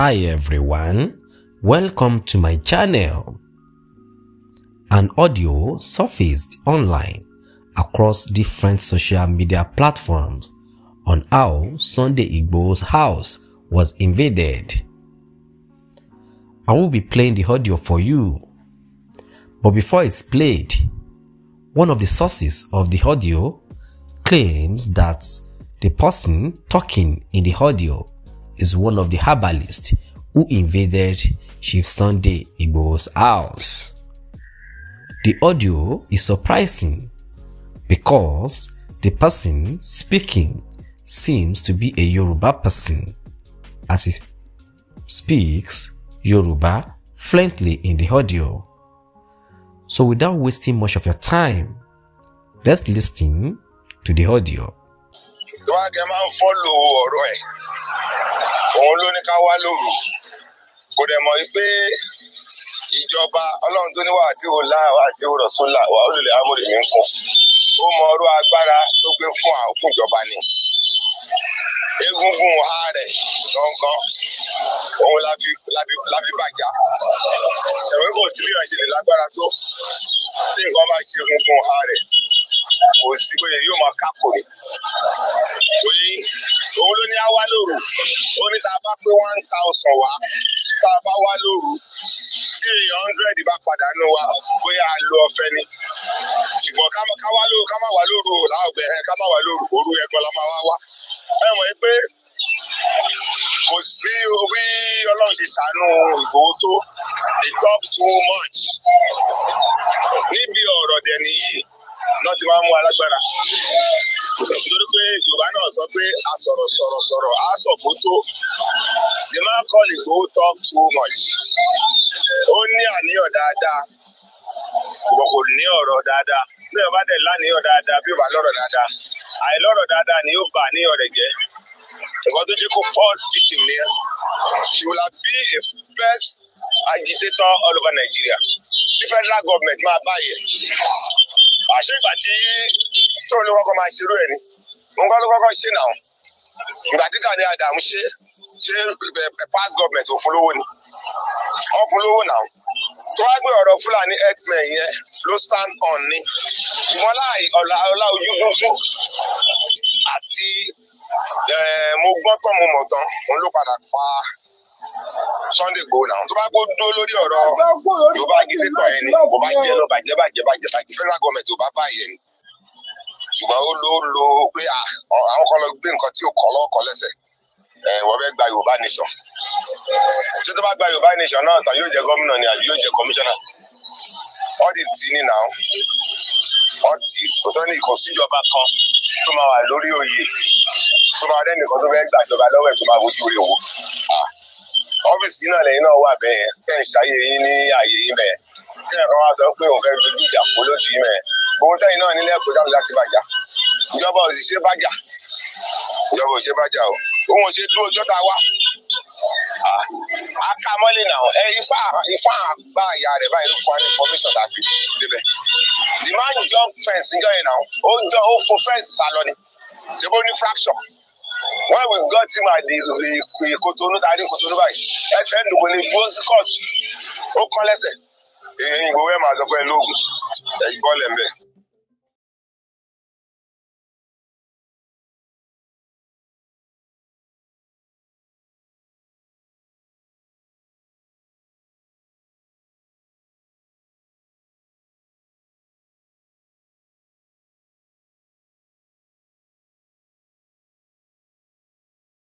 Hi everyone, welcome to my channel. An audio surfaced online across different social media platforms on how Sunday Igbo's house was invaded. I will be playing the audio for you. But before it's played, one of the sources of the audio claims that the person talking in the audio is one of the herbalists who invaded Chief Sunday Igbo's house. The audio is surprising because the person speaking seems to be a Yoruba person as he speaks Yoruba fluently in the audio. So without wasting much of your time, let's listen to the audio. òun ló ní ká wá lóru kò dẹ̀ mọ̀ pé ìjọba ọlọ́run tó ní wà àti òun láà wà àti òun rọ̀sùn là wà olùlẹ̀ amúrè mi ń kún ó mọ ọrọ̀ agbára tó gbé fún àkókò ìjọba ni egungun ha rẹ̀ gangan òun la fi bàjá ẹ̀wẹ́ kò sí bí ìrànṣẹ́ lè lágbára tó tí nǹkan bá ṣe egungun ha rẹ̀ kò sí pé yóò máa kákò ní òun ló ní á wá lóru ó ní tá a bá pé one thousand wá tá a bá wá lóru tí èèyàn hundred bá pàdánù wa bóyá a lo ọ̀fẹ́ ni ṣùgbọ́n ká wá lóru ká má wá lóru làágbẹ ẹ ká má wá lóru òru ẹ̀gbọ́n la má wá wá ẹ mọ̀ ẹ pé kò sí orí ọlọ́run ti ṣàánú Ìgbòho tó they talk too much níbi ọ̀rọ̀ dẹ̀ nìyí náà ti máa ń mú alágbára sọsọrọ pé yorùbá náà sọ pé asọrọ sọrọ sọrọ asọ fótó the man calling go talk too much ó ní àníyàn dáadáa ìwọ kò ní ọrọ dáadáa bí ọba dẹ láníyàn dáadáa bí ọba lọrọ dáadáa àìlọrọ dáadáa ni ó bá níyàn rẹ jẹ ìwọ tó dínkù four feet ní ẹ she will be a first agitator all over nigeria the federal government máa bá yẹ. àṣé ìgbà tí tóun ló kọ́kọ́ máa ṣerú ẹ̀ ni òun kọ́ ló kọ́kọ́ ṣe náà ìgbà tí Gani Adams ṣe ṣe past government ò fún lówó ni wọ́n fún lówó náà tó wá gbé ọ̀rọ̀ Fúlàní herdsmen yẹn ló stand on ni ṣùgbọ́n láì ọ̀la ojú dúdú àti mo gbọ́ tán mo mọ̀ tán òun ló padà pa Sunday Igboho náà tó bá kó dúró lórí ọ̀rọ̀ Yorùbá gidi kan yẹn ni kò bá jẹ́ lọ bàjẹ́ bàjẹ́ bàjẹ́ bàjẹ́ federal government ò bá bá yẹn ni ṣùgbọ́n ó ló lo pé àwọn kan lọ gbé nǹkan tí ò kọ́ lọ́kọ́ lẹ́sẹ̀ wọ́n fẹ́ gba Yorùbá nation tí tó bá gba Yorùbá nation náà tán yóò jẹ́ gómìnà ni àbí yóò jẹ́ kọmíṣánná wọ́n ti tì ní náà wọ́n ti kò sọ́ni kò síjọba kan tó máa wà lórí oyè tó máa rẹ́nìkan tó fẹ́ gbàjọba lọ́wọ́ ẹ̀ tó máa wojú rẹ̀ wò ọ́fíìsì náà lẹ́yìn náà wà bẹ́ẹ̀ tẹ́ ń ṣayé yín ní ààyè yín bẹ́ẹ̀ kí ẹ̀ka wá sọ pé òun fẹ́ dojú ìjà kó ló dì í mẹ́ẹ̀ gbogbo tẹ́yìn náà nílẹ̀ kó dáhùn láti bàjá ìjọba òṣìṣẹ́ bàjá ìjọba òṣìṣẹ́ bàjá o òun ò ṣe dúró jọ́ta wá akamọ́lé náà ẹ ifá ifá bá ìyá rẹ̀ báyìí ló fún wa ní information láti débẹ̀ the man jump fence níjọ́ yẹn náà ó fún fence sálọ ni ṣe bó ní fracture. when we got him at the Kotonu tari Kotonu báyìí ẹsẹ̀ ẹnùmọ̀ ní bronze court ó kọ́ lẹ́sẹ̀ èyí ìgbòho ẹ̀ máa sọ lóògùn